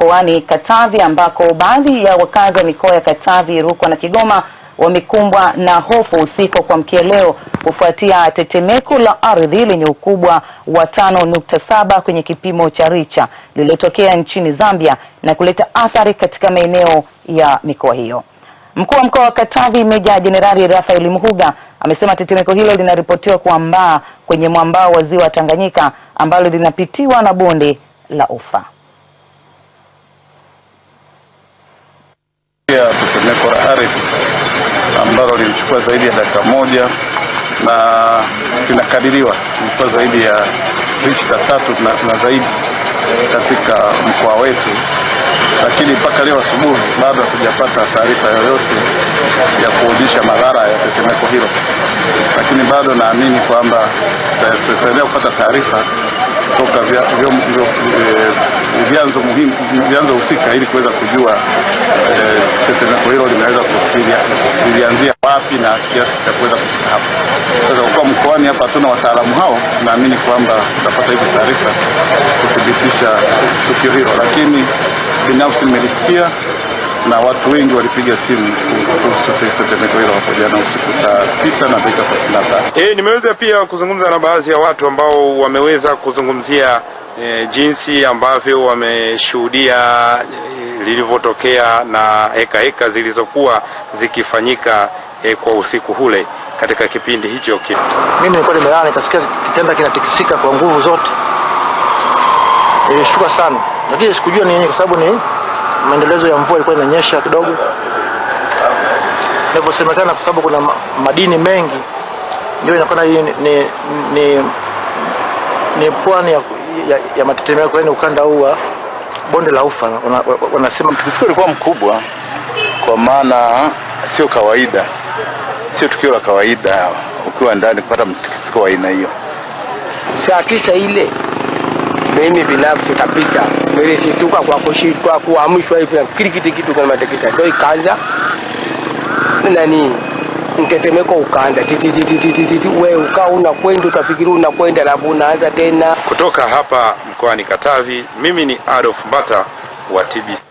mkoani Katavi ambako baadhi ya wakazi wa mikoa ya Katavi, Rukwa na Kigoma wamekumbwa na hofu usiku kwa mkieleo leo kufuatia tetemeko la ardhi lenye ukubwa wa 5.7 kwenye kipimo cha Richa lililotokea nchini Zambia na kuleta athari katika maeneo ya mikoa hiyo. Mkuu wa mkoa wa Katavi Meja Jenerali Rafael mhuga amesema tetemeko hilo linaripotiwa kuambaa kwenye mwambao wa ziwa Tanganyika ambalo linapitiwa na bonde la Ufa. ilikuwa zaidi ya dakika moja na inakadiriwa ilikuwa zaidi ya richta tatu na zaidi katika mkoa wetu, lakini mpaka leo asubuhi bado hatujapata taarifa yoyote ya kuonyesha madhara ya tetemeko hilo, lakini bado naamini kwamba tutaendelea kupata taarifa kutoka eh, vyanzo muhimu, vyanzo husika ili kuweza kujua eh, tetemeko hilo linaweza kufikia wapi na kiasi cha kuweza kufika hapa. Sasa kwa mkoani hapa hatuna wataalamu hao, naamini kwamba tutapata hizo taarifa kuthibitisha tukio hilo, lakini binafsi nimelisikia na watu wengi walipiga simu kuhusu tetemeko hilo hapo jana usiku saa tisa na dakika thelathini na tano. Eh, nimeweza pia kuzungumza na baadhi ya watu ambao wameweza kuzungumzia e, jinsi ambavyo wameshuhudia e, lilivyotokea na heka heka zilizokuwa zikifanyika e, kwa usiku ule katika kipindi hicho kile. Mimi nilikuwa nimelala nikasikia kitanda kinatikisika kwa nguvu zote, nilishtuka sana, lakini sikujua ni nini, kwa sababu ni maendelezo ya mvua ilikuwa inanyesha kidogo inavyosemekana, kwa sababu kuna madini mengi, ndio inakuwa ni, ni, ni, ni pwani ya, ya, ya matetemeko, yaani ukanda huu wa bonde la ufa wanasema, wana mtikisiko ulikuwa mkubwa, kwa maana sio kawaida sio tukio la kawaida ukiwa ndani kupata mtikisiko wa aina hiyo. Saa tisa ile mimi binafsi kabisa nilishtuka kwa kushikwa kuamshwa hivi na kile kitu kitu kama matekisa ndio ikaanza nani mtetemeko ukaanza tititititi, wewe ukaa unakwenda utafikiri unakwenda alafu unaanza tena. Kutoka hapa mkoani Katavi, mimi ni Adolf Mbata wa TBC.